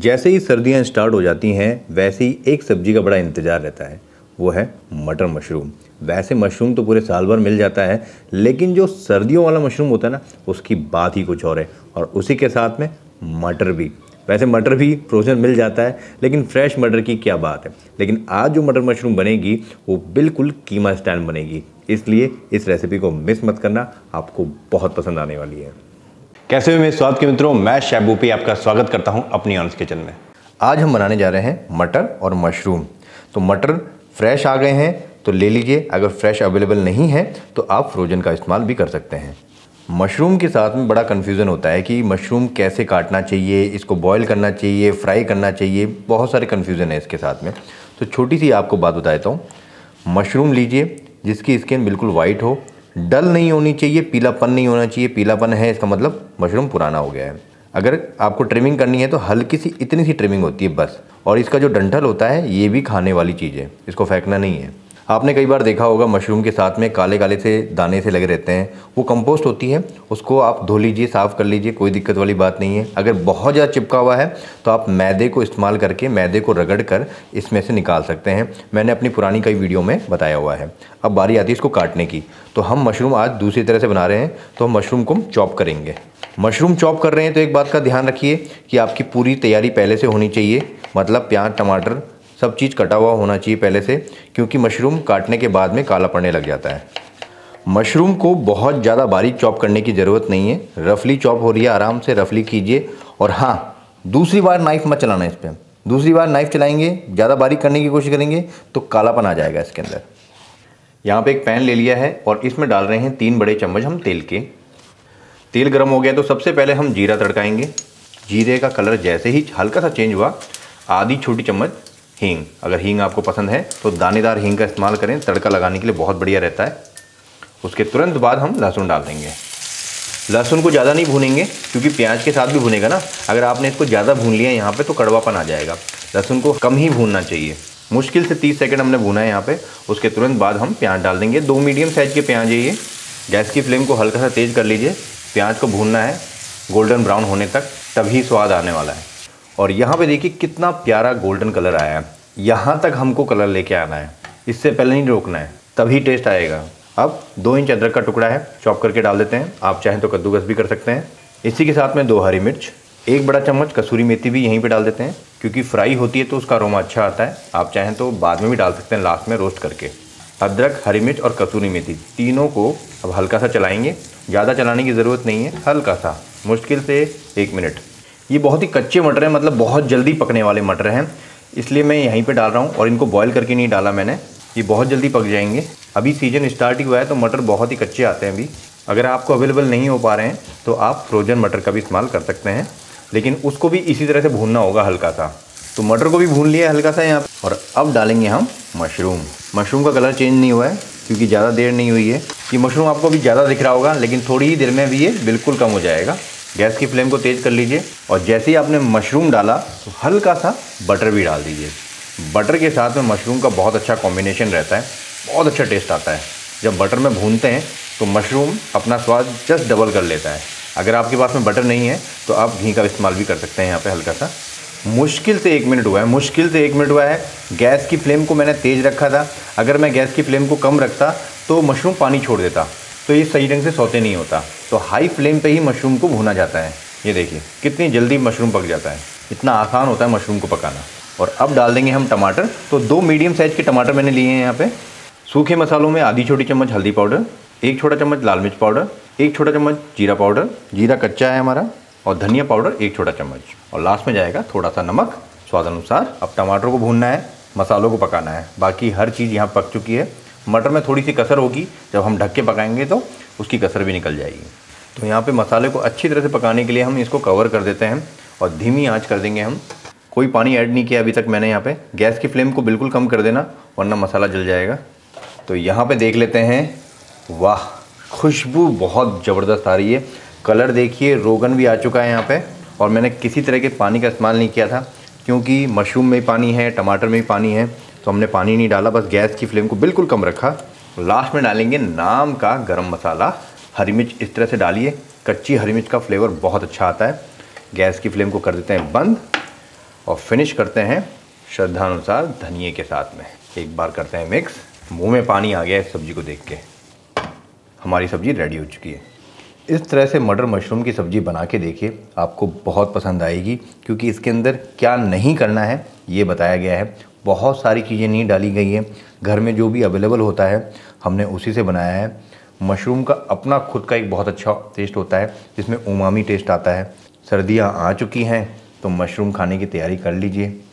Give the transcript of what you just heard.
जैसे ही सर्दियाँ स्टार्ट हो जाती हैं वैसे ही एक सब्जी का बड़ा इंतज़ार रहता है वो है मटर मशरूम वैसे मशरूम तो पूरे साल भर मिल जाता है लेकिन जो सर्दियों वाला मशरूम होता है ना उसकी बात ही कुछ और है और उसी के साथ में मटर भी वैसे मटर भी फ्रोजन मिल जाता है लेकिन फ्रेश मटर की क्या बात है लेकिन आज जो मटर मशरूम बनेगी वो बिल्कुल कीमा स्टैंड बनेगी इसलिए इस रेसिपी को मिस मत करना आपको बहुत पसंद आने वाली है कैसे हुए मेरे स्वाद के मित्रों मैं शैबूपी आपका स्वागत करता हूं अपनी ऑनस किचन में आज हम बनाने जा रहे हैं मटर और मशरूम तो मटर फ्रेश आ गए हैं तो ले लीजिए अगर फ्रेश अवेलेबल नहीं है तो आप फ्रोजन का इस्तेमाल भी कर सकते हैं मशरूम के साथ में बड़ा कन्फ्यूज़न होता है कि मशरूम कैसे काटना चाहिए इसको बॉयल करना चाहिए फ्राई करना चाहिए बहुत सारे कन्फ्यूज़न है इसके साथ में तो छोटी सी आपको बात बता देता हूँ मशरूम लीजिए जिसकी स्किन बिल्कुल वाइट हो डल नहीं होनी चाहिए पीलापन नहीं होना चाहिए पीलापन है इसका मतलब मशरूम पुराना हो गया है अगर आपको ट्रिमिंग करनी है तो हल्की सी इतनी सी ट्रिमिंग होती है बस और इसका जो डंठल होता है ये भी खाने वाली चीज़ है इसको फेंकना नहीं है आपने कई बार देखा होगा मशरूम के साथ में काले काले से दाने से लगे रहते हैं वो कंपोस्ट होती है उसको आप धो लीजिए साफ़ कर लीजिए कोई दिक्कत वाली बात नहीं है अगर बहुत ज़्यादा चिपका हुआ है तो आप मैदे को इस्तेमाल करके मैदे को रगड़ कर इसमें से निकाल सकते हैं मैंने अपनी पुरानी कई वीडियो में बताया हुआ है अब बारी आती है इसको काटने की तो हम मशरूम आज दूसरी तरह से बना रहे हैं तो हम मशरूम को चॉप करेंगे मशरूम चॉप कर रहे हैं तो एक बात का ध्यान रखिए कि आपकी पूरी तैयारी पहले से होनी चाहिए मतलब प्याज टमाटर सब चीज़ कटा हुआ होना चाहिए पहले से क्योंकि मशरूम काटने के बाद में काला पड़ने लग जाता है मशरूम को बहुत ज़्यादा बारीक चॉप करने की ज़रूरत नहीं है रफली चॉप हो रही है आराम से रफली कीजिए और हाँ दूसरी बार नाइफ मत चलाना इस पर दूसरी बार नाइफ चलाएंगे ज़्यादा बारीक करने की कोशिश करेंगे तो कालापन आ जाएगा इसके अंदर यहाँ पे एक पैन ले लिया है और इसमें डाल रहे हैं तीन बड़े चम्मच हम तेल के तेल गर्म हो गया तो सबसे पहले हम जीरा तड़काएंगे जीरे का कलर जैसे ही हल्का सा चेंज हुआ आधी छोटी चम्मच हींग अगर हींग आपको पसंद है तो दानेदार हींग का इस्तेमाल करें तड़का लगाने के लिए बहुत बढ़िया रहता है उसके तुरंत बाद हम लहसुन डाल देंगे लहसुन को ज़्यादा नहीं भूनेंगे क्योंकि प्याज के साथ भी भुनेगा ना अगर आपने इसको ज़्यादा भून लिया यहाँ पे तो कड़वापन आ जाएगा लहसुन को कम ही भूनना चाहिए मुश्किल से 30 सेकंड हमने भूना है यहाँ पे उसके तुरंत बाद हम प्याज डाल देंगे दो मीडियम साइज़ के प्याज है ये गैस की फ्लेम को हल्का सा तेज़ कर लीजिए प्याज को भूनना है गोल्डन ब्राउन होने तक तभी स्वाद आने वाला है और यहाँ पे देखिए कितना प्यारा गोल्डन कलर आया है यहाँ तक हमको कलर लेके आना है इससे पहले नहीं रोकना है तभी टेस्ट आएगा अब दो इंच अदरक का टुकड़ा है चॉप करके डाल देते हैं आप चाहें तो कद्दूकस भी कर सकते हैं इसी के साथ में दो हरी मिर्च एक बड़ा चम्मच कसूरी मेथी भी यहीं पर डाल देते हैं क्योंकि फ्राई होती है तो उसका अरोमा अच्छा आता है आप चाहें तो बाद में भी डाल सकते हैं लास्ट में रोस्ट करके अदरक हरी मिर्च और कसूरी मेथी तीनों को अब हल्का सा चलाएंगे ज़्यादा चलाने की ज़रूरत नहीं है हल्का सा मुश्किल से एक मिनट ये बहुत ही कच्चे मटर हैं मतलब बहुत जल्दी पकने वाले मटर हैं इसलिए मैं यहीं पे डाल रहा हूँ और इनको बॉयल करके नहीं डाला मैंने ये बहुत जल्दी पक जाएंगे अभी सीजन स्टार्ट ही हुआ है तो मटर बहुत ही कच्चे आते हैं अभी अगर आपको अवेलेबल नहीं हो पा रहे हैं तो आप फ्रोजन मटर का भी इस्तेमाल कर सकते हैं लेकिन उसको भी इसी तरह से भूनना होगा हल्का सा तो मटर को भी भून लिया हल्का सा यहाँ और अब डालेंगे हम मशरूम मशरूम का कलर चेंज नहीं हुआ है क्योंकि ज़्यादा देर नहीं हुई है ये मशरूम आपको अभी ज़्यादा दिख रहा होगा लेकिन थोड़ी ही देर में भी ये बिल्कुल कम हो जाएगा गैस की फ्लेम को तेज़ कर लीजिए और जैसे ही आपने मशरूम डाला तो हल्का सा बटर भी डाल दीजिए बटर के साथ में मशरूम का बहुत अच्छा कॉम्बिनेशन रहता है बहुत अच्छा टेस्ट आता है जब बटर में भूनते हैं तो मशरूम अपना स्वाद जस्ट डबल कर लेता है अगर आपके पास में बटर नहीं है तो आप घी का इस्तेमाल भी कर सकते हैं यहाँ पे हल्का सा मुश्किल से एक मिनट हुआ है मुश्किल से एक मिनट हुआ है गैस की फ्लेम को मैंने तेज़ रखा था अगर मैं गैस की फ्लेम को कम रखता तो मशरूम पानी छोड़ देता तो ये सही ढंग से सौते नहीं होता तो हाई फ्लेम पे ही मशरूम को भुना जाता है ये देखिए कितनी जल्दी मशरूम पक जाता है इतना आसान होता है मशरूम को पकाना और अब डाल देंगे हम टमाटर तो दो मीडियम साइज़ के टमाटर मैंने लिए हैं यहाँ पे सूखे मसालों में आधी छोटी चम्मच हल्दी पाउडर एक छोटा चम्मच लाल मिर्च पाउडर एक छोटा चम्मच जीरा पाउडर जीरा कच्चा है हमारा और धनिया पाउडर एक छोटा चम्मच और लास्ट में जाएगा थोड़ा सा नमक स्वाद अनुसार अब टमाटर को भूनना है मसालों को पकाना है बाकी हर चीज़ यहाँ पक चुकी है मटर में थोड़ी सी कसर होगी जब हम ढक के पकाएंगे तो उसकी कसर भी निकल जाएगी तो यहाँ पे मसाले को अच्छी तरह से पकाने के लिए हम इसको कवर कर देते हैं और धीमी आंच कर देंगे हम कोई पानी ऐड नहीं किया अभी तक मैंने यहाँ पे गैस की फ्लेम को बिल्कुल कम कर देना वरना मसाला जल जाएगा तो यहाँ पे देख लेते हैं वाह खुशबू बहुत ज़बरदस्त आ रही है कलर देखिए रोगन भी आ चुका है यहाँ पर और मैंने किसी तरह के पानी का इस्तेमाल नहीं किया था क्योंकि मशरूम में पानी है टमाटर में भी पानी है तो हमने पानी नहीं डाला बस गैस की फ्लेम को बिल्कुल कम रखा लास्ट में डालेंगे नाम का गरम मसाला हरी मिर्च इस तरह से डालिए कच्ची हरी मिर्च का फ्लेवर बहुत अच्छा आता है गैस की फ्लेम को कर देते हैं बंद और फिनिश करते हैं श्रद्धानुसार धनिए के साथ में एक बार करते हैं मिक्स मुंह में पानी आ गया इस सब्ज़ी को देख के हमारी सब्ज़ी रेडी हो चुकी है इस तरह से मटर मशरूम की सब्ज़ी बना के देखिए आपको बहुत पसंद आएगी क्योंकि इसके अंदर क्या नहीं करना है ये बताया गया है बहुत सारी चीज़ें नहीं डाली गई हैं घर में जो भी अवेलेबल होता है हमने उसी से बनाया है मशरूम का अपना खुद का एक बहुत अच्छा टेस्ट होता है जिसमें उमामी टेस्ट आता है सर्दियाँ आ चुकी हैं तो मशरूम खाने की तैयारी कर लीजिए